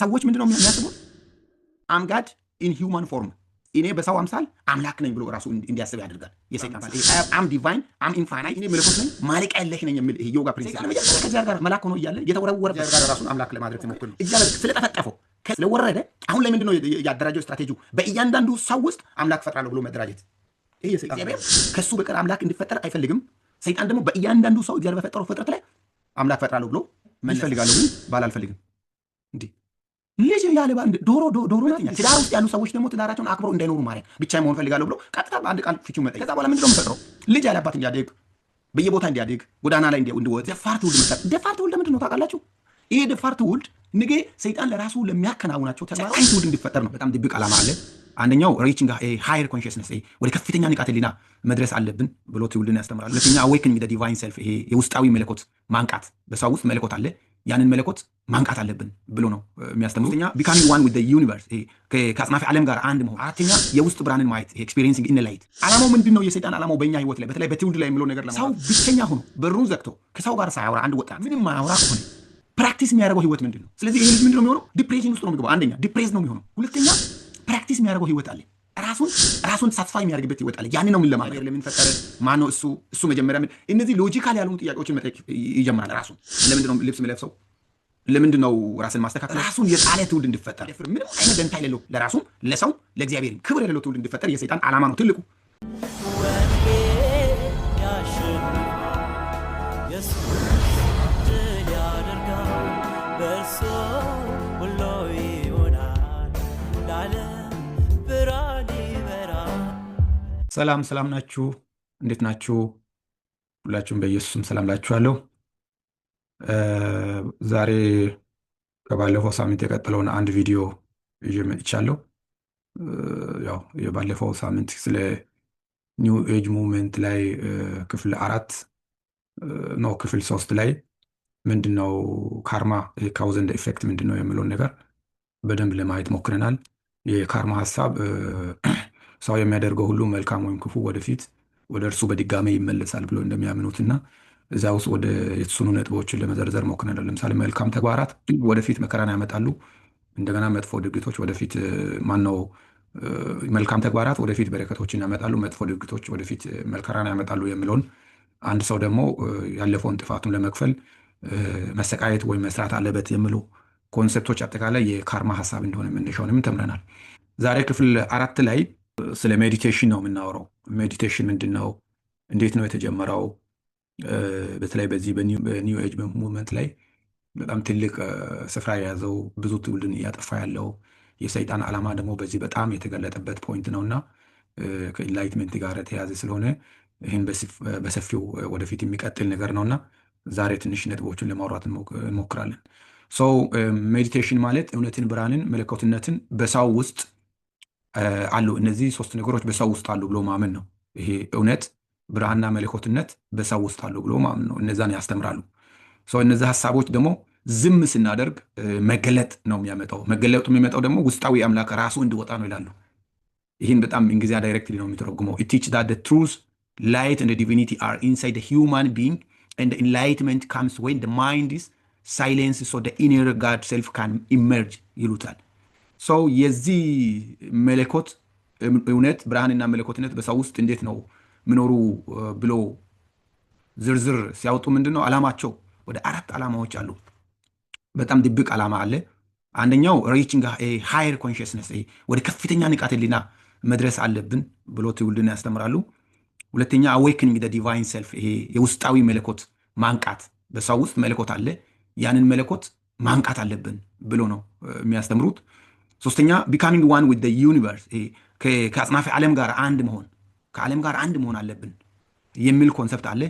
ሰዎች ምንድነው የሚያስቡት? አምጋድ ኢን ሂውማን ፎርም እኔ በሰው አምሳል አምላክ ነኝ ብሎ ራሱ እንዲያስብ ያደርጋል። የሰይጣን አም ዲቫይን አም ኢንፋናይት እኔ መለኮት ነኝ ማለቂያ የለሽ ነኝ የሚል ዮጋ ፕሪንሲፕል መጀመሪያ ከዚያ ጋር መላክ ሆኖ እያለ የተወረወረ ጋር ራሱን አምላክ ለማድረግ ሲሞክር ነው እያ ስለጠፈጠፈው ስለወረደ አሁን ላይ ምንድነው ያደራጀው ስትራቴጂው? በእያንዳንዱ ሰው ውስጥ አምላክ ፈጥራለሁ ብሎ መደራጀት። ይህ ከእሱ በቀር አምላክ እንዲፈጠር አይፈልግም። ሰይጣን ደግሞ በእያንዳንዱ ሰው እግዚአብሔር በፈጠረው ፍጥረት ላይ አምላክ ፈጥራለሁ ብሎ ይፈልጋለሁ ግን ባል አልፈልግም እንዲህ ልጅ ያለ ዶሮ ዶሮ ናትኛ ትዳር ውስጥ ያሉ ሰዎች ደግሞ ትዳራቸውን አክብሮ እንዳይኖሩ ማርያም ብቻ መሆን ፈልጋለሁ ብሎ ቀጥታ በአንድ ቃል ፍቺ መጠ ከዛ በኋላ ምንድነው የምፈጥረው? ልጅ ያለ አባት እንዲያደግ በየቦታ እንዲያደግ ጎዳና ላይ እንዲወጥ ደፋር ትውልድ መጣ። ደፋር ትውልድ ምንድን ነው ታውቃላችሁ? ይሄ ደፋር ትውልድ ንጌ ሰይጣን ለራሱ ለሚያከናውናቸው ተግባራዊ ትውልድ እንዲፈጠር ነው። በጣም ድብቅ ዓላማ አለ። አንደኛው ሪችንግ ሃየር ኮንሽስነስ ወደ ከፍተኛ ንቃተ ህሊና መድረስ አለብን ብሎ ትውልድን ያስተምራሉ። ሁለተኛ አዌክን ዲቫይን ሰልፍ ይሄ የውስጣዊ መለኮት ማንቃት፣ በሰው ውስጥ መለኮት አለ ያንን መለኮት ማንቃት አለብን ብሎ ነው የሚያስተምሩት። ኛ ቢካሚንግ ዋን ዊዝ ዩኒቨርስ ከአጽናፊ ዓለም ጋር አንድ መሆን። አራተኛ የውስጥ ብርሃንን ማየት ኤክስፔሪንሲንግ ኢን ላይት። ዓላማው ምንድን ነው? የሰይጣን ዓላማው በእኛ ህይወት ላይ በተለይ በትውልድ ላይ የሚለው ነገር ሰው ብቸኛ ሆኖ በሩን ዘግቶ ከሰው ጋር ሳያወራ አንድ ወጣት ምንም ማያወራ ከሆነ ፕራክቲስ የሚያደርገው ህይወት ምንድን ነው? ስለዚህ ይህ ልጅ ምንድን ነው የሚሆነው? ዲፕሬሽን ውስጥ ነው የሚገባው። አንደኛ ዲፕሬስ ነው የሚሆነው። ሁለተኛ ፕራክቲስ የሚያደርገው ህይወት አለ ራሱን ራሱን ሳትስፋ የሚያደርግበት ይወጣል። ያኔ ነው ምን ለማድረግ ለምን ፈጠረ ማን ነው እሱ እሱ መጀመሪያ ምን እነዚህ ሎጂካል ያልሆኑ ጥያቄዎችን መጠየቅ ይጀምራል። ራሱን ለምንድን ነው ልብስ ምለብሰው? ለምንድን ነው ራስን ማስተካከል? ራሱን የጣለ ትውልድ እንድፈጠር፣ ምንም አይነት ደንታ የሌለው ለራሱም ለሰውም ለእግዚአብሔር ክብር የሌለው ትውልድ እንድፈጠር የሰይጣን ዓላማ ነው ትልቁ ሰላም ሰላም ናችሁ? እንዴት ናችሁ? ሁላችሁም በኢየሱስም ሰላም ላችኋለሁ። ዛሬ ከባለፈው ሳምንት የቀጠለውን አንድ ቪዲዮ ይዤ መጥቻለሁ። ያው የባለፈው ሳምንት ስለ ኒው ኤጅ ሙቭመንት ላይ ክፍል አራት ነው ክፍል ሶስት ላይ ምንድነው ካርማ ካውዝ ኤንድ ኢፌክት ምንድነው የሚለውን ነገር በደንብ ለማየት ሞክረናል። የካርማ ሀሳብ ሰው የሚያደርገው ሁሉ መልካም ወይም ክፉ ወደፊት ወደ እርሱ በድጋሚ ይመለሳል ብሎ እንደሚያምኑትና እዚያ ውስጥ ወደ የተወሰኑ ነጥቦችን ለመዘርዘር ሞክረናል። ለምሳሌ መልካም ተግባራት ወደፊት መከራን ያመጣሉ። እንደገና መጥፎ ድርጊቶች ወደፊት ማነው መልካም ተግባራት ወደፊት በረከቶችን ያመጣሉ፣ መጥፎ ድርጊቶች ወደፊት መከራን ያመጣሉ የሚለውን አንድ ሰው ደግሞ ያለፈውን ጥፋቱን ለመክፈል መሰቃየት ወይም መስራት አለበት የሚሉ ኮንሰፕቶች አጠቃላይ የካርማ ሀሳብ እንደሆነ መነሻውንም ተምረናል። ዛሬ ክፍል አራት ላይ ስለ ሜዲቴሽን ነው የምናወራው። ሜዲቴሽን ምንድን ነው? እንዴት ነው የተጀመረው? በተለይ በዚህ በኒው ኤጅ ሙቭመንት ላይ በጣም ትልቅ ስፍራ የያዘው ብዙ ትውልድን እያጠፋ ያለው የሰይጣን ዓላማ ደግሞ በዚህ በጣም የተገለጠበት ፖይንት ነው እና ከኢንላይትመንት ጋር የተያዘ ስለሆነ ይህን በሰፊው ወደፊት የሚቀጥል ነገር ነውና ዛሬ ትንሽ ነጥቦችን ለማውራት እንሞክራለን። ሶ ሜዲቴሽን ማለት እውነትን፣ ብርሃንን፣ መለኮትነትን በሰው ውስጥ አሉ። እነዚህ ሶስት ነገሮች በሰው ውስጥ አሉ ብሎ ማመን ነው። ይሄ እውነት፣ ብርሃንና መለኮትነት በሰው ውስጥ አሉ ብሎ ማመን ነው። እነዛን ያስተምራሉ። እነዚህ ሀሳቦች ደግሞ ዝም ስናደርግ መገለጥ ነው የሚያመጣው። መገለጡ የሚመጣው ደግሞ ውስጣዊ አምላክ ራሱ እንዲወጣ ነው ይላሉ። ይህን በጣም እንግሊዝኛ ዳይሬክትሊ ነው የሚተረጉመው ቲች ዳት ትሩዝ ላይት እንደ ዲቪኒቲ አር ኢንሳይድ ሂውማን ቢንግ and the ካምስ comes when the mind ኢነር ጋድ so ካን ኢመርጅ ይሉታል። ሰው የዚህ መለኮት እውነት ብርሃንና መለኮትነት በሰው ውስጥ እንዴት ነው ምኖሩ ብሎ ዝርዝር ሲያወጡ ምንድን ነው አላማቸው? ወደ አራት ዓላማዎች አሉ። በጣም ድብቅ ዓላማ አለ። አንደኛው ሪቺንግ ሃየር ኮንሽስነስ ወደ ከፍተኛ ንቃተ ህሊና መድረስ አለብን ብሎ ትውልድን ያስተምራሉ። ሁለተኛ አዌክኒንግ ደ ዲቫይን ሰልፍ፣ ይሄ የውስጣዊ መለኮት ማንቃት፣ በሰው ውስጥ መለኮት አለ፣ ያንን መለኮት ማንቃት አለብን ብሎ ነው የሚያስተምሩት። ሶስተኛ ቢካሚንግ ዋን ዊዝ ዩኒቨርስ ከአጽናፈ ዓለም ጋር አንድ መሆን ከዓለም ጋር አንድ መሆን አለብን የሚል ኮንሰፕት አለ።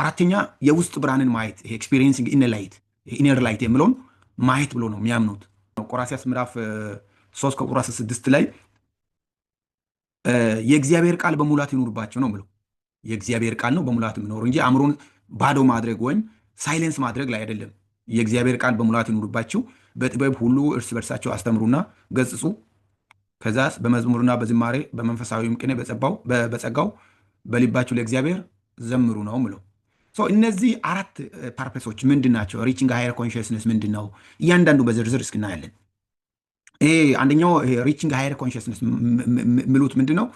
አራተኛ የውስጥ ብርሃንን ማየት ኤክስፒሪየንሲንግ ኢነር ላይት ኢነር ላይት የምለውን ማየት ብሎ ነው የሚያምኑት። ቆራሲያስ ምዕራፍ ሶስት ከቆራሲያስ ስድስት ላይ የእግዚአብሔር ቃል በሙላት ይኖርባቸው ነው ምለው የእግዚአብሔር ቃል ነው በሙላት የሚኖሩ እንጂ አእምሮን ባዶ ማድረግ ወይም ሳይለንስ ማድረግ ላይ አይደለም። የእግዚአብሔር ቃል በሙላት ይኖርባቸው በጥበብ ሁሉ እርስ በርሳቸው አስተምሩና ገጽጹ። ከዛ በመዝሙርና በዝማሬ በመንፈሳዊም ቅኔ በጸጋው በልባችሁ ለእግዚአብሔር ዘምሩ ነው ምለው። እነዚህ አራት ፐርፐሶች ምንድን ናቸው? ሪቺንግ ሃየር ኮንሽስነስ ምንድን ነው? እያንዳንዱ በዝርዝር እስክናያለን። ይሄ አንደኛው ሪቺንግ ሃየር ኮንሽስነስ ምሉት ምንድን ነው?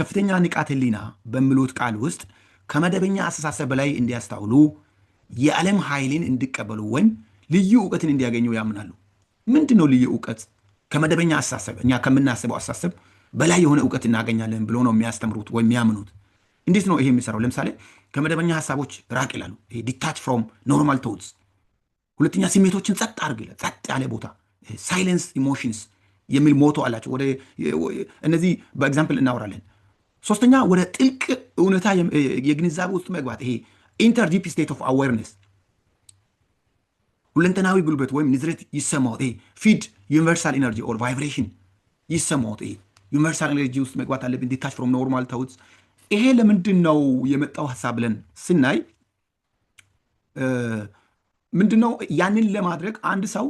ከፍተኛ ንቃት ህሊና በምሉት ቃል ውስጥ ከመደበኛ አስተሳሰብ በላይ እንዲያስታውሉ የዓለም ኃይልን እንዲቀበሉ ወይም ልዩ እውቀትን እንዲያገኙ ያምናሉ። ምንድን ነው ልዩ እውቀት? ከመደበኛ አሳሰብ እኛ ከምናስበው አሳሰብ በላይ የሆነ እውቀት እናገኛለን ብሎ ነው የሚያስተምሩት ወይም የሚያምኑት። እንዴት ነው ይሄ የሚሰራው? ለምሳሌ ከመደበኛ ሀሳቦች ራቅ ይላሉ። ዲታች ፍሮም ኖርማል ቶትስ። ሁለተኛ ስሜቶችን ጸጥ አድርግ ይላል። ጸጥ ያለ ቦታ ሳይለንስ ኢሞሽንስ የሚል ሞቶ አላቸው። ወደ እነዚህ በኤግዛምፕል እናወራለን። ሶስተኛ ወደ ጥልቅ እውነታ የግንዛቤ ውስጥ መግባት ይሄ ኢንተርዲፕ ስቴት ኦፍ አዌርነስ ሁለንተናዊ ጉልበት ወይም ንዝረት ይሰማዎት። ፊድ ዩኒቨርሳል ኤነርጂ ኦር ቫይብሬሽን ይሰማዎት። ዩኒቨርሳል ኤነርጂ ውስጥ መግባት አለብን። ዲታች ፍሮም ኖርማል ታውት። ይሄ ለምንድን ነው የመጣው ሀሳብ ብለን ስናይ ምንድን ነው ያንን ለማድረግ አንድ ሰው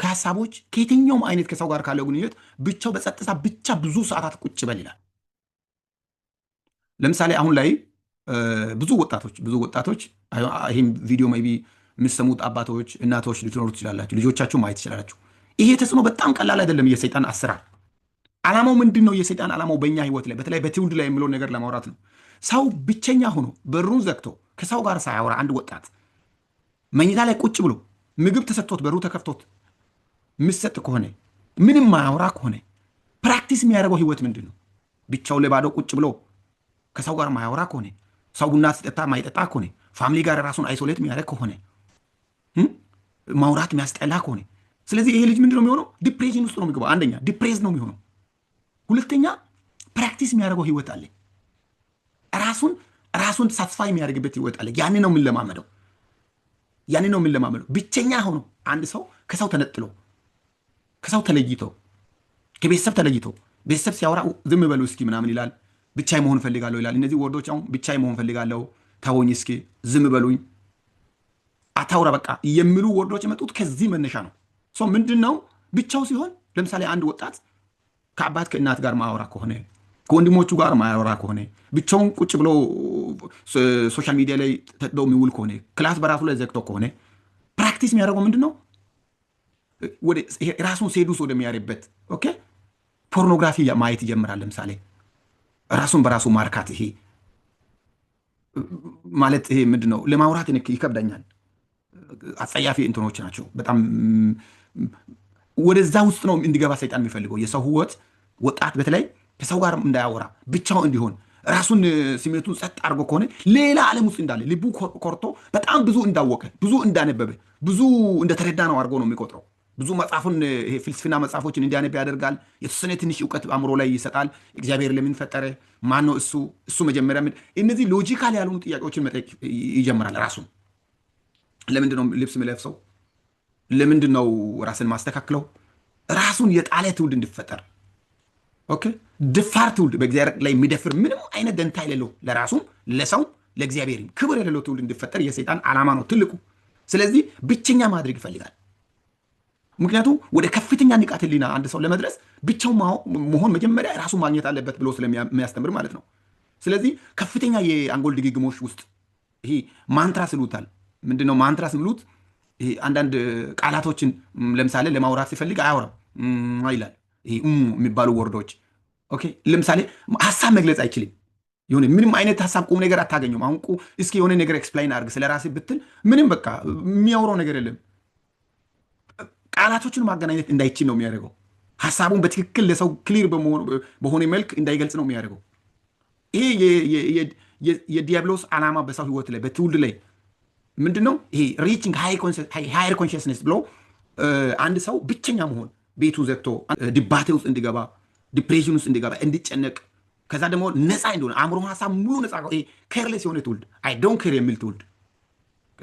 ከሀሳቦች ከየትኛውም አይነት ከሰው ጋር ካለው ግንኙነት ብቻው በጸጥታ ብቻ ብዙ ሰዓታት ቁጭ በል ይላል። ለምሳሌ አሁን ላይ ብዙ ወጣቶች ብዙ ወጣቶች ይህም ቪዲዮ ቢ የምትሰሙት አባቶች፣ እናቶች ልትኖሩ ትችላላችሁ። ልጆቻችሁ ማየት ትችላላችሁ። ይሄ ተጽዕኖ በጣም ቀላል አይደለም። የሰይጣን አሰራር ዓላማው ምንድን ነው? የሰይጣን ዓላማው በእኛ ህይወት ላይ በተለይ በትውልድ ላይ የምለውን ነገር ለማውራት ነው። ሰው ብቸኛ ሆኖ በሩን ዘግቶ ከሰው ጋር ሳያወራ አንድ ወጣት መኝታ ላይ ቁጭ ብሎ ምግብ ተሰጥቶት በሩ ተከፍቶት ምሰጥ ከሆነ ምንም ማያወራ ከሆነ ፕራክቲስ የሚያደርገው ህይወት ምንድን ነው? ብቻው ለባዶ ቁጭ ብሎ ከሰው ጋር ማያወራ ከሆነ ሰው ቡና ሲጠጣ ማይጠጣ ከሆነ ፋሚሊ ጋር ራሱን አይሶሌት የሚያደርግ ከሆነ ማውራት የሚያስጠላ ከሆነ ስለዚህ ይሄ ልጅ ምንድነው ነው የሚሆነው? ዲፕሬሽን ውስጥ ነው የሚገባው። አንደኛ ዲፕሬስ ነው የሚሆነው። ሁለተኛ ፕራክቲስ የሚያደርገው ህይወት አለ፣ ራሱን ራሱን ሳትስፋይ የሚያደርግበት ህይወት አለ። ያን ነው የምንለማመደው፣ ያን ነው የምንለማመደው። ብቸኛ ሆኖ አንድ ሰው ከሰው ተነጥሎ ከሰው ተለይቶ ከቤተሰብ ተለይቶ ቤተሰብ ሲያወራ ዝም በሉ እስኪ ምናምን ይላል፣ ብቻ መሆን ፈልጋለሁ ይላል። እነዚህ ወርዶች አሁን ብቻ መሆን ፈልጋለሁ፣ ተወኝ እስኪ፣ ዝም በሉኝ አታውራ በቃ የሚሉ ወርዶች የመጡት ከዚህ መነሻ ነው። ምንድን ነው ብቻው ሲሆን ለምሳሌ አንድ ወጣት ከአባት ከእናት ጋር ማያወራ ከሆነ ከወንድሞቹ ጋር ማያወራ ከሆነ ብቻውን ቁጭ ብሎ ሶሻል ሚዲያ ላይ ተጥዶ የሚውል ከሆነ ክላስ በራሱ ላይ ዘግቶ ከሆነ ፕራክቲስ የሚያደርገው ምንድን ነው? ራሱን ሴዱስ ወደሚያርበት ኦኬ ፖርኖግራፊ ማየት ይጀምራል። ለምሳሌ ራሱን በራሱ ማርካት ይሄ ማለት ይሄ ምንድን ነው ለማውራት ይከብደኛል አጸያፊ እንትኖች ናቸው። በጣም ወደዛ ውስጥ ነው እንዲገባ ሰይጣን የሚፈልገው የሰው ህይወት ወጣት በተለይ ከሰው ጋር እንዳያወራ ብቻው እንዲሆን ራሱን ስሜቱን ጸጥ አድርጎ ከሆነ ሌላ ዓለም ውስጥ እንዳለ ልቡ ኮርቶ በጣም ብዙ እንዳወቀ ብዙ እንዳነበበ ብዙ እንደተረዳ ነው አድርጎ ነው የሚቆጥረው። ብዙ መጽሐፉን ፍልስፍና መጽሐፎችን እንዲያነብ ያደርጋል። የተወሰነ ትንሽ እውቀት አእምሮ ላይ ይሰጣል። እግዚአብሔር ለምን ፈጠረ? ማን ነው እሱ? እሱ መጀመሪያ እነዚህ ሎጂካል ያልሆኑ ጥያቄዎችን መጠየቅ ይጀምራል ራሱን ለምንድ ነው ልብስ ምለብሰው? ለምንድ ነው ራስን ማስተካክለው? ራሱን የጣለ ትውልድ እንዲፈጠር ኦኬ፣ ድፋር ትውልድ በእግዚአብሔር ላይ የሚደፍር ምንም አይነት ደንታ የሌለው ለራሱም ለሰው ለእግዚአብሔርም ክብር የሌለው ትውልድ እንዲፈጠር የሰይጣን ዓላማ ነው ትልቁ። ስለዚህ ብቸኛ ማድረግ ይፈልጋል። ምክንያቱም ወደ ከፍተኛ ንቃት ሕሊና አንድ ሰው ለመድረስ ብቻው መሆን መጀመሪያ ራሱ ማግኘት አለበት ብሎ ስለሚያስተምር ማለት ነው። ስለዚህ ከፍተኛ የአንጎል ድግግሞሽ ውስጥ ይሄ ማንትራ ስሉታል ምንድነው ማንትራስ ምሉት አንዳንድ ቃላቶችን ለምሳሌ ለማውራት ሲፈልግ አያወራም ይላል። የሚባሉ ወርዶች ለምሳሌ ሀሳብ መግለጽ አይችልም። የሆነ ምንም አይነት ሀሳብ ቁም ነገር አታገኘም። አሁን እስኪ የሆነ ነገር ኤክስፕላይን አድርግ ራሴ ብትል ምንም በቃ የሚያወራው ነገር የለም። ቃላቶችን ማገናኘት እንዳይችል ነው የሚያደርገው። ሀሳቡን በትክክል ለሰው ክሊር በሆነ መልክ እንዳይገልጽ ነው የሚያደርገው። ይሄ የዲያብሎስ ዓላማ በሰው ህይወት ላይ በትውልድ ላይ ምንድነው ይሄ ሪቺንግ ሃየር ኮንሽስነስ ብሎ አንድ ሰው ብቸኛ መሆን ቤቱ ዘግቶ ድባቴ ውስጥ እንዲገባ ዲፕሬሽን ውስጥ እንዲገባ እንዲጨነቅ ከዛ ደግሞ ነፃ እንደሆነ አእምሮ ሀሳብ ሙሉ ነፃ ኬርሌስ የሆነ ትውልድ አይ ዶን ኬር የሚል ትውልድ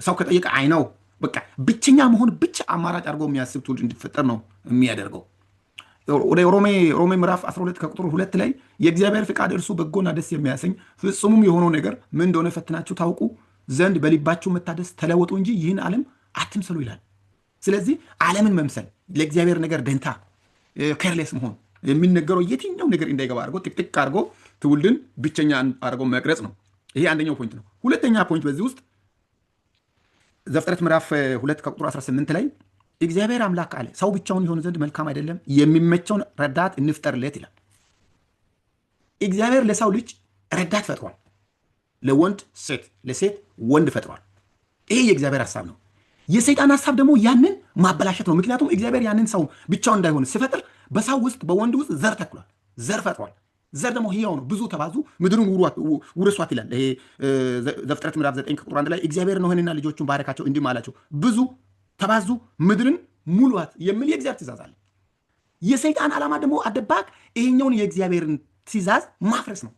ሰው ከጠየቀ አይ ነው በቃ ብቸኛ መሆን ብቻ አማራጭ አድርገው የሚያስብ ትውልድ እንዲፈጠር ነው የሚያደርገው። ወደ ሮሜ ሮሜ ምዕራፍ 12 ከቁጥር ሁለት ላይ የእግዚአብሔር ፍቃድ እርሱ በጎና ደስ የሚያሰኝ ፍጹሙም የሆነው ነገር ምን እንደሆነ ፈትናችሁ ታውቁ ዘንድ በልባቸው መታደስ ተለወጡ እንጂ ይህን ዓለም አትምሰሉ ይላል። ስለዚህ ዓለምን መምሰል ለእግዚአብሔር ነገር ደንታ ከርሌስ መሆን የሚነገረው የትኛው ነገር እንዳይገባ አድርጎ ጥቅጥቅ አድርጎ ትውልድን ብቸኛ አድርጎ መቅረጽ ነው። ይሄ አንደኛው ፖይንት ነው። ሁለተኛ ፖይንት በዚህ ውስጥ ዘፍጥረት ምዕራፍ ሁለት ከቁጥር 18 ላይ እግዚአብሔር አምላክ አለ ሰው ብቻውን የሆኑ ዘንድ መልካም አይደለም፣ የሚመቸውን ረዳት እንፍጠርለት ይላል። እግዚአብሔር ለሰው ልጅ ረዳት ፈጥሯል። ለወንድ ሴት፣ ለሴት ወንድ ፈጥሯል። ይሄ የእግዚአብሔር ሀሳብ ነው። የሰይጣን ሀሳብ ደግሞ ያንን ማበላሸት ነው። ምክንያቱም እግዚአብሔር ያንን ሰው ብቻውን እንዳይሆን ሲፈጥር በሰው ውስጥ በወንድ ውስጥ ዘር ተክሏል፣ ዘር ፈጥሯል። ዘር ደግሞ ህያው ነው። ብዙ ተባዙ ምድሩን ውርሷት ይላል። ይሄ ዘፍጥረት ምዕራፍ ዘጠኝ ቁጥር አንድ ላይ እግዚአብሔር ኖኅንና ልጆቹን ባረካቸው እንዲህም አላቸው ብዙ ተባዙ ምድርን ሙሏት የሚል የእግዚአብሔር ትእዛዝ አለ። የሰይጣን ዓላማ ደግሞ አደባክ ይሄኛውን የእግዚአብሔርን ትእዛዝ ማፍረስ ነው።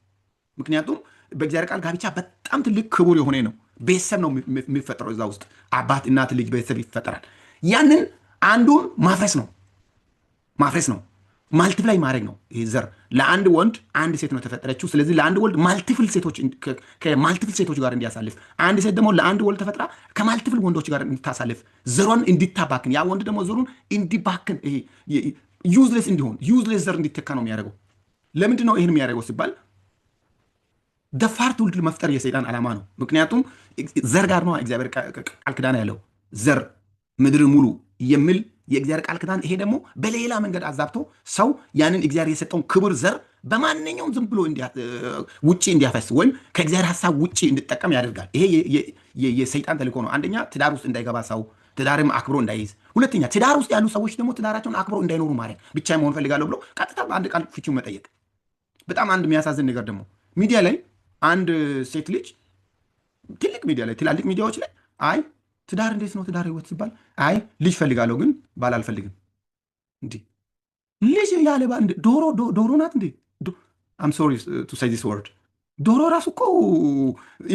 ምክንያቱም በእግዚአብሔር ቃል ጋብቻ በጣም ትልቅ ክቡር የሆነ ነው። ቤተሰብ ነው የሚፈጠረው። እዛ ውስጥ አባት፣ እናት፣ ልጅ ቤተሰብ ይፈጠራል። ያንን አንዱን ማፍረስ ነው ማፍረስ ነው ላይ ማድረግ ነው። ይህ ዘር ለአንድ ወንድ አንድ ሴት ነው ተፈጠረችው። ስለዚህ ለአንድ ወንድ ማልቲፍል ሴቶች ከማልቲፍል ሴቶች ጋር እንዲያሳልፍ፣ አንድ ሴት ደግሞ ለአንድ ወንድ ተፈጥራ ከማልቲፍል ወንዶች ጋር እንድታሳልፍ፣ ዘሯን እንዲታባክን፣ ያ ወንድ ደግሞ ዘሩን እንዲባክን፣ ዩዝሌስ እንዲሆን ዩዝሌስ ዘር እንዲተካ ነው የሚያደርገው። ለምንድን ነው ይህን የሚያደርገው ሲባል ደፋር ትውልድ መፍጠር የሰይጣን ዓላማ ነው። ምክንያቱም ዘር ጋር ነው እግዚአብሔር ቃል ክዳን ያለው ዘር ምድር ሙሉ የሚል የእግዚአብሔር ቃል ክዳን ይሄ ደግሞ በሌላ መንገድ አዛብቶ ሰው ያንን እግዚአብሔር የሰጠውን ክቡር ዘር በማንኛውም ዝም ብሎ ውጭ እንዲያፈስ ወይም ከእግዚአብሔር ሀሳብ ውጭ እንዲጠቀም ያደርጋል። ይሄ የሰይጣን ተልእኮ ነው። አንደኛ ትዳር ውስጥ እንዳይገባ ሰው ትዳርም አክብሮ እንዳይይዝ፣ ሁለተኛ ትዳር ውስጥ ያሉ ሰዎች ደግሞ ትዳራቸውን አክብሮ እንዳይኖሩ ማድረግ። ብቻ መሆን ፈልጋለሁ ብሎ ቀጥታ በአንድ ቃል ፍቺው መጠየቅ። በጣም አንድ የሚያሳዝን ነገር ደግሞ ሚዲያ ላይ አንድ ሴት ልጅ ትልቅ ሚዲያ ላይ ትላልቅ ሚዲያዎች ላይ አይ ትዳር እንዴት ነው ትዳር ህይወት ሲባል አይ ልጅ ፈልጋለሁ ግን ባል አልፈልግም። እንዲህ ልጅ ያለ ዶሮ ዶሮ ናት እንዴ? አም ሶሪ ቱ ሳይ ዚስ ወርድ ዶሮ ራሱ እኮ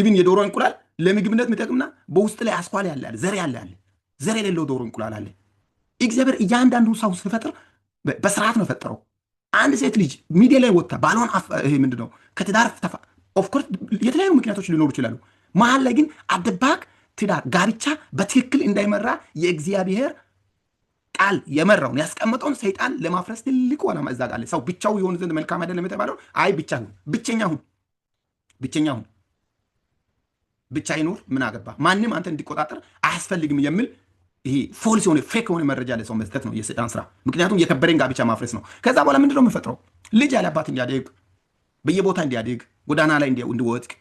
ኢቭን የዶሮ እንቁላል ለምግብነት የሚጠቅምና በውስጥ ላይ አስኳል ያለ አለ ዘር ያለ አለ ዘር የሌለው ዶሮ እንቁላል አለ። እግዚአብሔር እያንዳንዱ ሰው ሲፈጥር በስርዓት ነው የፈጠረው። አንድ ሴት ልጅ ሚዲያ ላይ ወጥታ ባልሆን ምንድነው ከትዳር ኦፍኮርስ የተለያዩ ምክንያቶች ሊኖሩ ይችላሉ። መሀል ላይ ግን አደባክ ትዳር ጋብቻ በትክክል እንዳይመራ የእግዚአብሔር ቃል የመራውን ያስቀመጠውን ሰይጣን ለማፍረስ ትልቅ ዓላማ እዛ ቃለ ሰው ብቻው የሆኑ ዘንድ መልካም አይደለም የተባለው አይ ብቻ ሁን፣ ብቸኛ ሁን፣ ብቸኛ ሁን፣ ብቻ ይኖር፣ ምን አገባ፣ ማንም አንተ እንዲቆጣጠር አያስፈልግም የሚል ይሄ ፎልስ የሆነ ፌክ የሆነ መረጃ ለሰው መስጠት ነው የሰይጣን ስራ። ምክንያቱም የከበረን ጋብቻ ማፍረስ ነው። ከዛ በኋላ ምንድነው የምፈጥረው? ልጅ ያለ አባት እንዲያደግ በየቦታ እንዲያደግ ጎዳና ላይ እንዲወጥቅ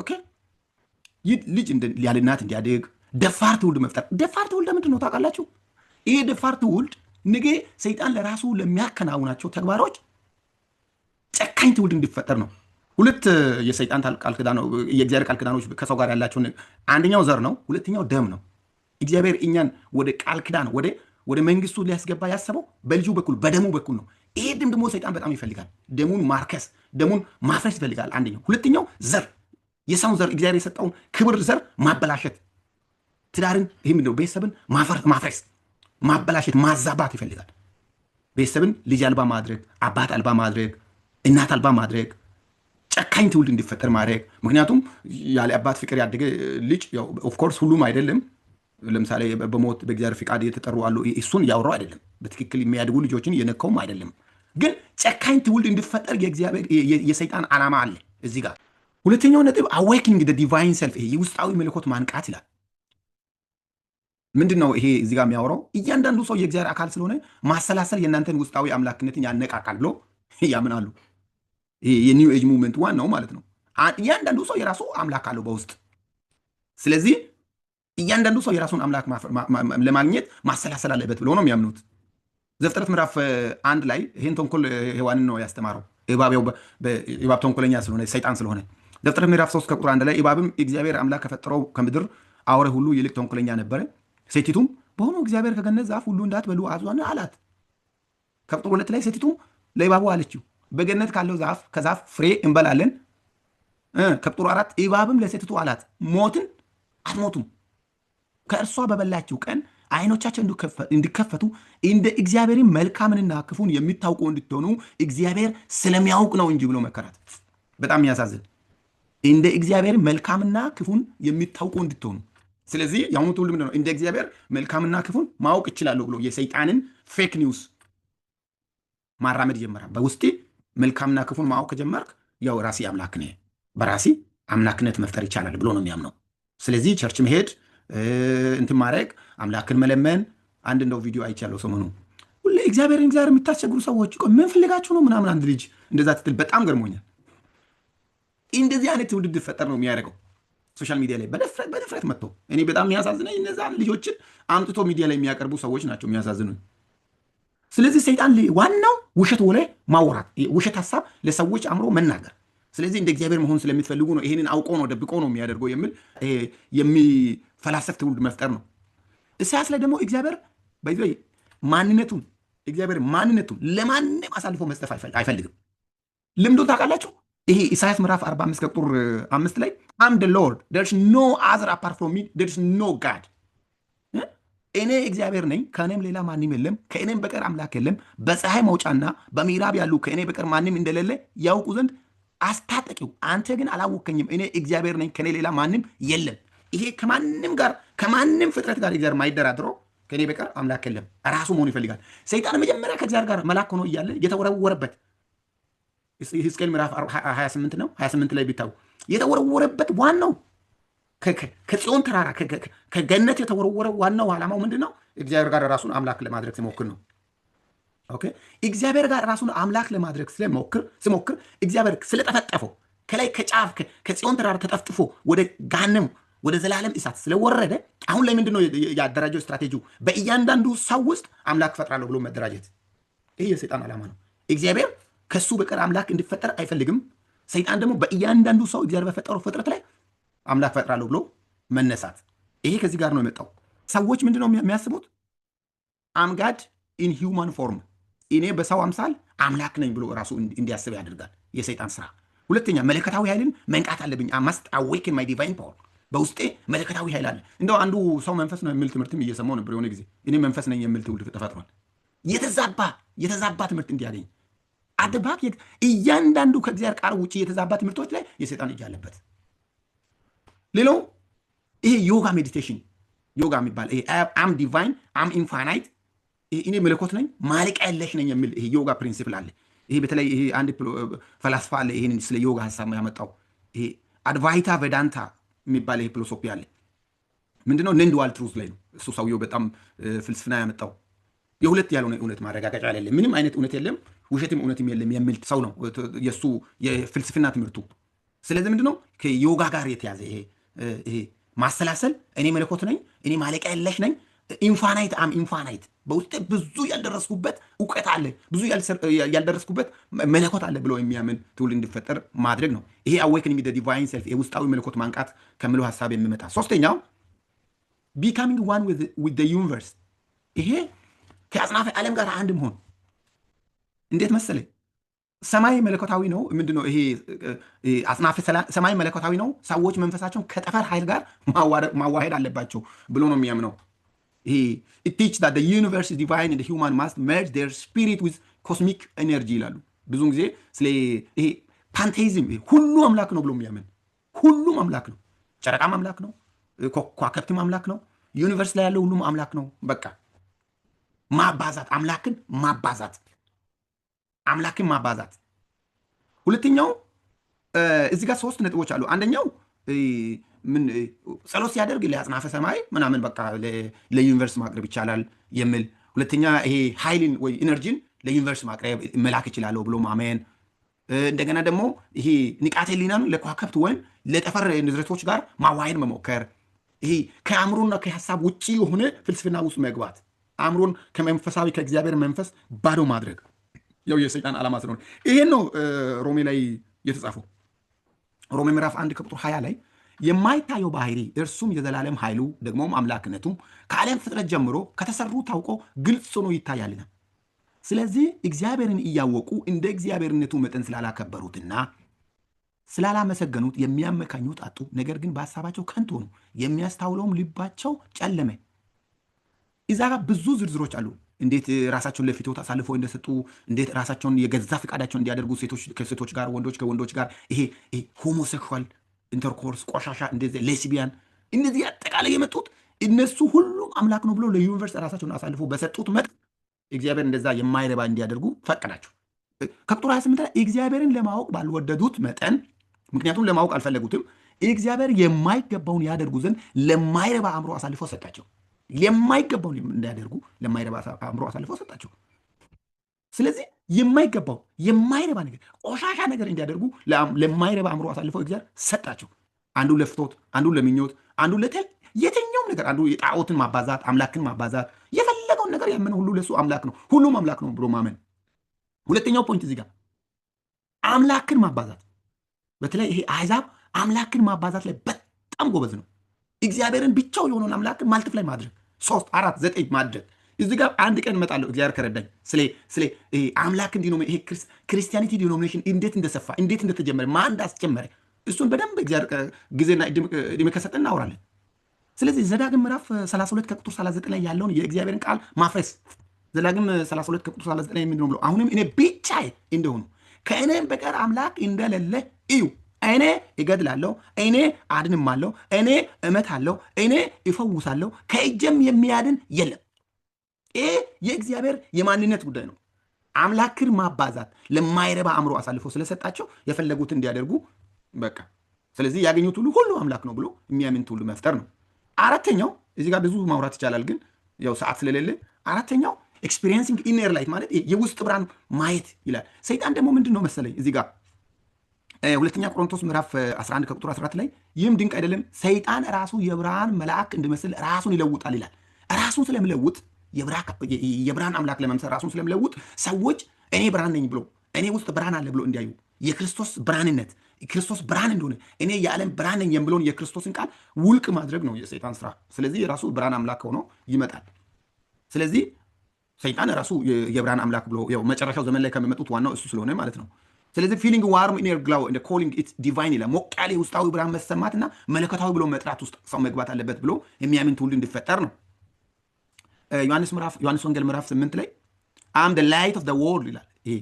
ኦኬ ይህ ልጅ ያለ እናት እንዲያደግ ደፋር ትውልድ መፍጠር። ደፋር ትውልድ ምንድን ነው ታውቃላችሁ? ይሄ ደፋር ትውልድ ነገ ሰይጣን ለራሱ ለሚያከናውናቸው ተግባሮች ጨካኝ ትውልድ እንዲፈጠር ነው። ሁለት የሰይጣን የእግዚአብሔር ቃል ክዳኖች ከሰው ጋር ያላቸው አንደኛው ዘር ነው፣ ሁለተኛው ደም ነው። እግዚአብሔር እኛን ወደ ቃል ክዳን ወደ መንግስቱ ሊያስገባ ያሰበው በልጁ በኩል በደሙ በኩል ነው። ይሄ ደም ደግሞ ሰይጣን በጣም ይፈልጋል። ደሙን ማርከስ ደሙን ማፍረስ ይፈልጋል። አንደኛው። ሁለተኛው ዘር፣ የሰውን ዘር እግዚአብሔር የሰጠውን ክብር ዘር ማበላሸት፣ ትዳርን ይህ ነው ቤተሰብን ማፍረስ፣ ማበላሸት፣ ማዛባት ይፈልጋል። ቤተሰብን ልጅ አልባ ማድረግ፣ አባት አልባ ማድረግ፣ እናት አልባ ማድረግ፣ ጨካኝ ትውልድ እንዲፈጠር ማድረግ። ምክንያቱም ያለ አባት ፍቅር ያደገ ልጅ ኦፍኮርስ ሁሉም አይደለም ለምሳሌ በሞት በእግዚአብሔር ፍቃድ የተጠሩ አሉ። እሱን ያወራው አይደለም። በትክክል የሚያድጉ ልጆችን እየነካውም አይደለም። ግን ጨካኝ ትውልድ የእግዚአብሔር የሰይጣን ዓላማ አለ እዚህ ጋር። ሁለተኛው ነጥብ አዌኪንግ ዲቫይን ሰልፍ ይሄ የውስጣዊ መለኮት ማንቃት ይላል። ምንድን ነው ይሄ እዚህ ጋር የሚያወራው? እያንዳንዱ ሰው የእግዚአብሔር አካል ስለሆነ ማሰላሰል የእናንተን ውስጣዊ አምላክነትን ያነቃቃል ብሎ ያምናሉ። የኒው ኤጅ ሙቭመንት ዋናው ማለት ነው። እያንዳንዱ ሰው የራሱ አምላክ አለው በውስጥ ስለዚህ እያንዳንዱ ሰው የራሱን አምላክ ለማግኘት ማሰላሰል አለበት ብሎ ነው የሚያምኑት። ዘፍጥረት ምዕራፍ አንድ ላይ ይህን ተንኮል ሔዋንን ነው ያስተማረው እባብ ተንኮለኛ ስለሆነ ሰይጣን ስለሆነ። ዘፍጥረት ምዕራፍ ሶስት ከቁጥር አንድ ላይ እባብም እግዚአብሔር አምላክ ከፈጠረው ከምድር አውሬ ሁሉ ይልቅ ተንኮለኛ ነበረ። ሴቲቱም በሆኑ እግዚአብሔር ከገነት ዛፍ ሁሉ እንዳትበሉ አዟን አላት። ከቁጥር ሁለት ላይ ሴቲቱ ለእባቡ አለችው በገነት ካለው ዛፍ ከዛፍ ፍሬ እንበላለን። ከቁጥር አራት እባብም ለሴቲቱ አላት ሞትን አትሞቱም ከእርሷ በበላችው ቀን አይኖቻቸው እንዲከፈቱ እንደ እግዚአብሔርን መልካምንና ክፉን የሚታውቁ እንድትሆኑ እግዚአብሔር ስለሚያውቅ ነው እንጂ ብሎ መከራት በጣም የሚያሳዝን። እንደ እግዚአብሔር መልካምና ክፉን የሚታውቁ እንድትሆኑ። ስለዚህ የአሁኑ ትውልድ ምንድን ነው? እንደ እግዚአብሔር መልካምና ክፉን ማወቅ ይችላለሁ ብሎ የሰይጣንን ፌክ ኒውስ ማራመድ ጀመራል። በውስጤ መልካምና ክፉን ማወቅ ከጀመርክ ያው ራሴ አምላክ ነኝ፣ በራሴ አምላክነት መፍጠር ይቻላል ብሎ ነው የሚያምነው። ስለዚህ ቸርች መሄድ እንትን ማድረግ አምላክን መለመን አንድ እንደው ቪዲዮ አይቻለሁ ሰሞኑ ሁሌ እግዚአብሔርን እግዚአብሔር የምታስቸግሩ ሰዎች ምን ነው ምናምን አንድ ልጅ እንደዛ ትትል በጣም ገርሞኛል። እንደዚህ አይነት ትውልድ ፈጠር ነው የሚያደርገው ሶሻል ሚዲያ ላይ በድፍረት በድፍረት መጥቶ እኔ በጣም የሚያሳዝነኝ እነዛን ልጆችን አምጥቶ ሚዲያ ላይ የሚያቀርቡ ሰዎች ናቸው የሚያሳዝኑኝ። ስለዚህ ሰይጣን ዋናው ውሸት ወለ ማወራት፣ ውሸት ሀሳብ ለሰዎች አእምሮ መናገር። ስለዚህ እንደ እግዚአብሔር መሆን ስለሚፈልጉ ነው ይሄንን አውቆ ነው ደብቆ ነው የሚያደርገው የሚል ፈላሰፍ ትውልድ መፍጠር ነው። እሳያስ ላይ ደግሞ እግዚአብሔር በዚ ማንነቱን እግዚአብሔር ማንነቱን ለማንም አሳልፎ መስጠት አይፈልግም። ልምዱን ታውቃላችሁ። ይሄ ኢሳያስ ምዕራፍ 45 ከቁጥር አምስት ላይ አም ሎርድ ደርስ ኖ አዘር አፓርት ፍሮም ሚ ደርስ ኖ ጋድ እኔ እግዚአብሔር ነኝ፣ ከእኔም ሌላ ማንም የለም፣ ከእኔም በቀር አምላክ የለም። በፀሐይ መውጫና በምዕራብ ያሉ ከእኔ በቀር ማንም እንደሌለ ያውቁ ዘንድ አስታጠቂው። አንተ ግን አላወከኝም። እኔ እግዚአብሔር ነኝ፣ ከእኔ ሌላ ማንም የለም። ይሄ ከማንም ጋር ከማንም ፍጥረት ጋር እግዚአብሔር ማይደራድረው ከኔ በቀር አምላክ የለም ራሱ መሆን ይፈልጋል። ሰይጣን መጀመሪያ ከእግዚአብሔር ጋር መላክ ሆኖ እያለ የተወረወረበት ሕዝቅኤል ምዕራፍ 28 ነው 28 ላይ ቢታው የተወረወረበት ዋናው ከጽዮን ተራራ ከገነት የተወረወረ ዋናው ዓላማው ምንድን ነው? እግዚአብሔር ጋር ራሱን አምላክ ለማድረግ ሲሞክር ነው። ኦኬ እግዚአብሔር ጋር ራሱን አምላክ ለማድረግ ስለሞክር ሲሞክር እግዚአብሔር ስለጠፈጠፈው ከላይ ከጫፍ ከጽዮን ተራራ ተጠፍጥፎ ወደ ጋንም ወደ ዘላለም እሳት ስለወረደ አሁን ላይ ምንድነው ያደራጀው ስትራቴጂው? በእያንዳንዱ ሰው ውስጥ አምላክ ፈጥራለሁ ብሎ መደራጀት። ይህ የሰይጣን ዓላማ ነው። እግዚአብሔር ከሱ በቀር አምላክ እንዲፈጠር አይፈልግም። ሰይጣን ደግሞ በእያንዳንዱ ሰው እግዚአብሔር በፈጠረው ፍጥረት ላይ አምላክ ፈጥራለሁ ብሎ መነሳት፣ ይሄ ከዚህ ጋር ነው የመጣው። ሰዎች ምንድነው የሚያስቡት? አምጋድ ኢን ሂውማን ፎርም፣ እኔ በሰው አምሳል አምላክ ነኝ ብሎ ራሱ እንዲያስብ ያደርጋል የሰይጣን ስራ። ሁለተኛ መለከታዊ ኃይልን መንቃት አለብኝ። ማስት አዌክን ማይ ዲቫይን ፓወር በውስጤ መለከታዊ ኃይል አለ። እንደው አንዱ ሰው መንፈስ ነው የሚል ትምህርትም እየሰማው ነበር የሆነ ጊዜ። እኔ መንፈስ ነኝ የሚል ትውልድ ተፈጥሯል። የተዛባ የተዛባ ትምህርት እንዲያገኝ አድባክ እያንዳንዱ ከእግዚአብሔር ቃል ውጭ የተዛባ ትምህርቶች ላይ የሰይጣን እጅ አለበት። ሌላው ይሄ ዮጋ ሜዲቴሽን ዮጋ የሚባል ይሄ አም ዲቫይን አም ኢንፋናይት እኔ መለኮት ነኝ ማለቂያ የለሽ ነኝ የሚል ይሄ ዮጋ ፕሪንሲፕል አለ። ይሄ በተለይ ይሄ አንድ ፈላስፋ አለ ይሄን ስለ ዮጋ ሀሳብ ያመጣው ይሄ አድቫይታ ቬዳንታ የሚባል ይሄ ፊሎሶፊ አለ። ምንድነው? ነን ትሩዝ ላይ ነው እሱ ሰውየው በጣም ፍልስፍና ያመጣው። የሁለት ያልሆነ እውነት ማረጋገጫ አለ። ምንም አይነት እውነት የለም፣ ውሸትም እውነትም የለም የሚል ሰው ነው የእሱ የፍልስፍና ትምህርቱ። ስለዚህ ምንድነው ከዮጋ ጋር የተያዘ ይሄ ማሰላሰል እኔ መለኮት ነኝ፣ እኔ ማለቂያ የለሽ ነኝ፣ ኢንፋናይት አም ኢንፋናይት በውስጤ ብዙ ያልደረስኩበት እውቀት አለ፣ ብዙ ያልደረስኩበት መለኮት አለ ብሎ የሚያምን ትውልድ እንዲፈጠር ማድረግ ነው። ይሄ አዌክኒንግ ዘ ዲቫይን ሰልፍ የውስጣዊ መለኮት ማንቃት ከምለው ሀሳብ የሚመጣ ሶስተኛው ቢካሚንግ ዋን ዊዝ ዘ ዩኒቨርስ። ይሄ ከአጽናፈ ዓለም ጋር አንድ መሆን እንዴት መሰለ ሰማይ መለኮታዊ ነው። ምንድነው ይሄ አጽናፈ ሰማይ መለኮታዊ ነው። ሰዎች መንፈሳቸውን ከጠፈር ኃይል ጋር ማዋሄድ አለባቸው ብሎ ነው የሚያምነው he it teach that the universe is divine and the human must merge their spirit with cosmic energy ይላሉ። ብዙውን ጊዜ ስለ ይሄ ፓንቴይዝም ሁሉ አምላክ ነው ብሎ የሚያምን ሁሉም አምላክ ነው፣ ጨረቃም አምላክ ነው፣ ኳከብትም አምላክ ነው፣ ዩኒቨርስ ላይ ያለው ሁሉም አምላክ ነው። በቃ ማባዛት፣ አምላክን ማባዛት፣ አምላክን ማባዛት። ሁለተኛው እዚህ ጋር ሶስት ነጥቦች አሉ። አንደኛው ምን ጸሎት ሲያደርግ ለአጽናፈ ሰማይ ምናምን በቃ ለዩኒቨርስ ማቅረብ ይቻላል የሚል ሁለተኛ ይሄ ሀይልን ወይ ኢነርጂን ለዩኒቨርስ ማቅረብ መላክ ይችላለሁ ብሎ ማመን እንደገና ደግሞ ይሄ ንቃተ ህሊናን ለከዋክብት ወይም ለጠፈር ንዝረቶች ጋር ማዋሄድ መሞከር ይሄ ከአእምሮና ከሀሳብ ውጭ የሆነ ፍልስፍና ውስጥ መግባት አእምሮን ከመንፈሳዊ ከእግዚአብሔር መንፈስ ባዶ ማድረግ ያው የሰይጣን ዓላማ ስለሆነ ይሄን ነው ሮሜ ላይ የተጻፈው ሮሜ ምዕራፍ አንድ ከቁጥር ሀያ ላይ የማይታየው ባህሪ እርሱም የዘላለም ኃይሉ ደግሞም አምላክነቱ ከዓለም ፍጥረት ጀምሮ ከተሰሩ ታውቆ ግልጽ ሆኖ ይታያልናል። ስለዚህ እግዚአብሔርን እያወቁ እንደ እግዚአብሔርነቱ መጠን ስላላከበሩትና ስላላመሰገኑት የሚያመካኙት አጡ። ነገር ግን በሀሳባቸው ከንቱ ሆኑ፣ የሚያስታውለውም ልባቸው ጨለመ። እዛ ጋር ብዙ ዝርዝሮች አሉ። እንዴት ራሳቸውን ለፍትወት አሳልፎ እንደሰጡ፣ እንዴት ራሳቸውን የገዛ ፈቃዳቸውን እንዲያደርጉ ሴቶች ከሴቶች ጋር፣ ወንዶች ከወንዶች ጋር ይሄ ሆሞሴክሹዋል ኢንተርኮርስ፣ ቆሻሻ፣ እንደዚህ ሌስቢያን፣ እነዚህ አጠቃላይ የመጡት እነሱ ሁሉም አምላክ ነው ብሎ ለዩኒቨርስ ራሳቸውን አሳልፎ በሰጡት መጠን እግዚአብሔር እንደዛ የማይረባ እንዲያደርጉ ፈቅዳቸው ከቁጥር 28 ላይ እግዚአብሔርን ለማወቅ ባልወደዱት መጠን ምክንያቱም ለማወቅ አልፈለጉትም፣ እግዚአብሔር የማይገባውን ያደርጉ ዘንድ ለማይረባ አእምሮ አሳልፎ ሰጣቸው። ለማይገባውን እንዳያደርጉ ለማይረባ አእምሮ አሳልፎ ሰጣቸው። ስለዚህ የማይገባው የማይረባ ነገር ቆሻሻ ነገር እንዲያደርጉ ለማይረባ አእምሮ አሳልፈው እግዚአብሔር ሰጣቸው። አንዱ ለፍቶት፣ አንዱ ለምኞት፣ አንዱ የትኛውም ነገር አንዱ የጣዖትን ማባዛት፣ አምላክን ማባዛት፣ የፈለገውን ነገር ያመነ ሁሉ ለሱ አምላክ ነው፣ ሁሉም አምላክ ነው ብሎ ማመን። ሁለተኛው ፖይንት እዚህ ጋር አምላክን ማባዛት፣ በተለይ ይሄ አሕዛብ አምላክን ማባዛት ላይ በጣም ጎበዝ ነው። እግዚአብሔርን ብቻው የሆነውን አምላክን ማልትፍ ላይ ማድረግ ሶስት አራት ዘጠኝ ማድረግ እዚ ጋር አንድ ቀን እመጣለሁ እግዚአብሔር ከረዳኝ። ስለ አምላክ ይሄ ክርስቲያኒቲ ዲኖሚኔሽን እንዴት እንደሰፋ እንዴት እንደተጀመረ ማን እንዳስጀመረ እሱን በደንብ እግዚአብሔር ጊዜና እድሜ ከሰጠ እናወራለን። ስለዚህ ዘዳግም ምዕራፍ 32 ከቁጥር 39 ላይ ያለውን የእግዚአብሔርን ቃል ማፍረስ ዘዳግም 32 ከቁጥር 39 ምንድን ነው ብሎ አሁንም እኔ ብቻዬ እንደሆኑ ከእኔም በቀር አምላክ እንደሌለ እዩ። እኔ እገድላለሁ፣ እኔ አድንማለሁ፣ እኔ እመታለሁ፣ እኔ እፈውሳለሁ፣ ከእጄም የሚያድን የለም። ይሄ የእግዚአብሔር የማንነት ጉዳይ ነው። አምላክን ማባዛት ለማይረባ አእምሮ አሳልፎ ስለሰጣቸው የፈለጉት እንዲያደርጉ በቃ ስለዚህ ያገኙት ሁሉ ሁሉ አምላክ ነው ብሎ የሚያምን ሁሉ መፍጠር ነው። አራተኛው እዚህ ጋር ብዙ ማውራት ይቻላል፣ ግን ያው ሰዓት ስለሌለ አራተኛው ኤክስፒሪየንሲንግ ኢነር ላይት ማለት የውስጥ ብርሃን ማየት ይላል። ሰይጣን ደግሞ ምንድን ነው መሰለኝ እዚህ ጋር ሁለተኛ ቆሮንቶስ ምዕራፍ 11 ከቁጥር 14 ላይ ይህም ድንቅ አይደለም ሰይጣን ራሱ የብርሃን መልአክ እንዲመስል ራሱን ይለውጣል ይላል። ራሱን ስለምለውጥ የብርሃን አምላክ ለመምሰል ራሱን ስለሚለውጥ ሰዎች እኔ ብርሃን ነኝ ብሎ እኔ ውስጥ ብርሃን አለ ብሎ እንዲያዩ የክርስቶስ ብርሃንነት ክርስቶስ ብርሃን እንደሆነ እኔ የዓለም ብርሃን ነኝ የምለውን የክርስቶስን ቃል ውልቅ ማድረግ ነው የሰይጣን ስራ። ስለዚህ ራሱ ብርሃን አምላክ ሆኖ ይመጣል። ስለዚህ ሰይጣን ራሱ የብርሃን አምላክ ብሎ መጨረሻው ዘመን ላይ ከሚመጡት ዋናው እሱ ስለሆነ ማለት ነው። ስለዚህ ፊሊንግ ዋርም ኢነር ግላው ኮሊንግ ኢት ዲቫይን ይላል። ሞቅ ያለ ውስጣዊ ብርሃን መሰማትና መለከታዊ ብሎ መጥራት ውስጥ ሰው መግባት አለበት ብሎ የሚያምን ትውልድ እንዲፈጠር ነው። ዮሐንስ ምዕራፍ ዮሐንስ ወንጌል ምዕራፍ ስምንት ላይ አም ደ ላይት ኦፍ ደ ወርልድ ይላል። ይሄ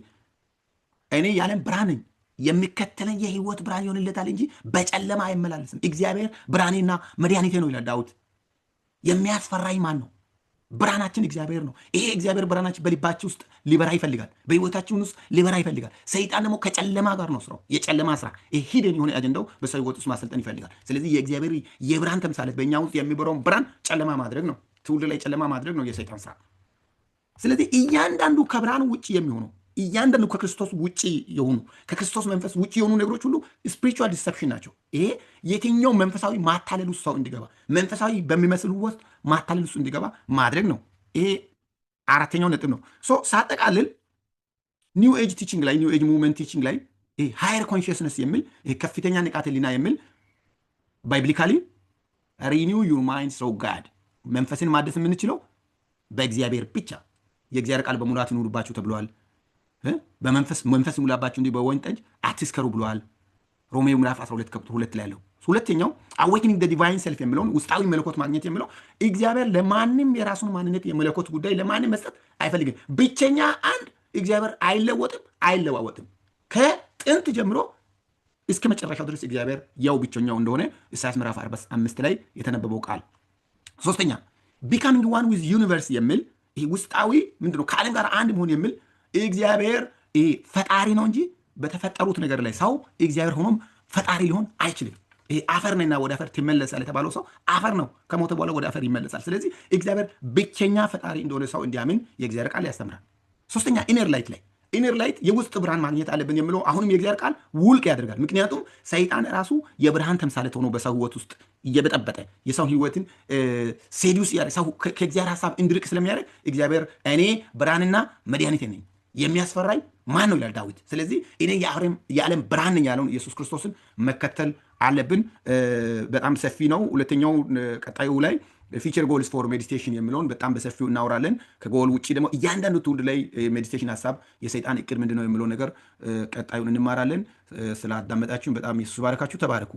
እኔ የዓለም ብርሃን ነኝ፣ የሚከተለኝ የህይወት ብርሃን ይሆንለታል እንጂ በጨለማ አይመላለስም። እግዚአብሔር ብርሃኔና መድኃኒቴ ነው ይላል ዳዊት። የሚያስፈራኝ ማን ነው? ብርሃናችን እግዚአብሔር ነው። ይሄ እግዚአብሔር ብርሃናችን በልባችን ውስጥ ሊበራ ይፈልጋል፣ በህይወታችን ውስጥ ሊበራ ይፈልጋል። ሰይጣን ደግሞ ከጨለማ ጋር ነው ስራው፣ የጨለማ ስራ ሂደን የሆነ አጀንዳው በሰው ህይወት ውስጥ ማሰልጠን ይፈልጋል። ስለዚህ የእግዚአብሔር የብርሃን ተምሳሌት በእኛ ውስጥ የሚበረውን ብርሃን ጨለማ ማድረግ ነው። ትውልድ ላይ ጨለማ ማድረግ ነው የሰይጣን ስራ። ስለዚህ እያንዳንዱ ከብርሃን ውጭ የሚሆነው እያንዳንዱ ከክርስቶስ ውጭ የሆኑ ከክርስቶስ መንፈስ ውጭ የሆኑ ነገሮች ሁሉ ስፒሪቹዋል ዲሰፕሽን ናቸው። ይሄ የትኛው መንፈሳዊ ማታለል ውስጥ ሰው እንዲገባ መንፈሳዊ በሚመስል ውስጥ ማታለል ውስጥ እንዲገባ ማድረግ ነው። ይሄ አራተኛው ነጥብ ነው። ሶ ሳጠቃልል ኒው ኤጅ ቲችንግ ላይ ኒው ኤጅ ሙቭመንት ቲችንግ ላይ ሃየር ኮንሽስነስ የሚል ከፍተኛ ንቃተ ሊና የሚል ባይብሊካሊ ሪኒው ዩር ማይንድ ሶ ጋድ መንፈስን ማደስ የምንችለው በእግዚአብሔር ብቻ። የእግዚአብሔር ቃል በሙላት ይኑርባችሁ ተብለዋል። በመንፈስ መንፈስ ይሙላባችሁ እንጂ በወይን ጠጅ አትስከሩ ብለዋል። ሮሜ ምዕራፍ 12 ከቁጥር ሁለት ላይ ያለው። ሁለተኛው አዌክኒንግ ዲቫይን ሰልፍ የሚለውን ውስጣዊ መለኮት ማግኘት የሚለው እግዚአብሔር ለማንም የራሱን ማንነት የመለኮት ጉዳይ ለማንም መስጠት አይፈልግም። ብቸኛ አንድ እግዚአብሔር አይለወጥም፣ አይለዋወጥም። ከጥንት ጀምሮ እስከ መጨረሻው ድረስ እግዚአብሔር ያው ብቸኛው እንደሆነ ኢሳያስ ምዕራፍ 45 ላይ የተነበበው ቃል ሶስተኛ ቢካሚንግ ዋን ዊዝ ዩኒቨርስ የሚል ይሄ ውስጣዊ ምንድን ነው ከዓለም ጋር አንድ መሆን የሚል እግዚአብሔር ፈጣሪ ነው እንጂ በተፈጠሩት ነገር ላይ ሰው እግዚአብሔር ሆኖም ፈጣሪ ሊሆን አይችልም። ይሄ አፈር ነና ወደ አፈር ትመለሳል የተባለው ሰው አፈር ነው፣ ከሞተ በኋላ ወደ አፈር ይመለሳል። ስለዚህ እግዚአብሔር ብቸኛ ፈጣሪ እንደሆነ ሰው እንዲያምን የእግዚአብሔር ቃል ያስተምራል። ሶስተኛ ኢነር ላይት ላይ ኢነር ላይት የውስጥ ብርሃን ማግኘት አለብን የሚለው አሁንም የእግዚአብሔር ቃል ውልቅ ያደርጋል። ምክንያቱም ሰይጣን ራሱ የብርሃን ተምሳሌት ሆኖ በሰው ህይወት ውስጥ እየበጠበጠ የሰው ህይወትን ሴዱስ ሰው ከእግዚአብሔር ሀሳብ እንድርቅ ስለሚያደርግ እግዚአብሔር እኔ ብርሃንና መድኒት ነኝ የሚያስፈራኝ ማን ነው ይላል ዳዊት። ስለዚህ እኔ የዓለም ብርሃን ነኝ ያለውን ኢየሱስ ክርስቶስን መከተል አለብን። በጣም ሰፊ ነው። ሁለተኛው ቀጣዩ ላይ ፊቸር ጎልስ ፎር ሜዲቴሽን የሚለውን በጣም በሰፊው እናወራለን። ከጎል ውጭ ደግሞ እያንዳንዱ ትውልድ ላይ ሜዲቴሽን ሀሳብ የሰይጣን እቅድ ምንድን ነው የሚለው ነገር ቀጣዩን እንማራለን። ስላዳመጣችሁን በጣም የሱስ ባረካችሁ። ተባረኩ።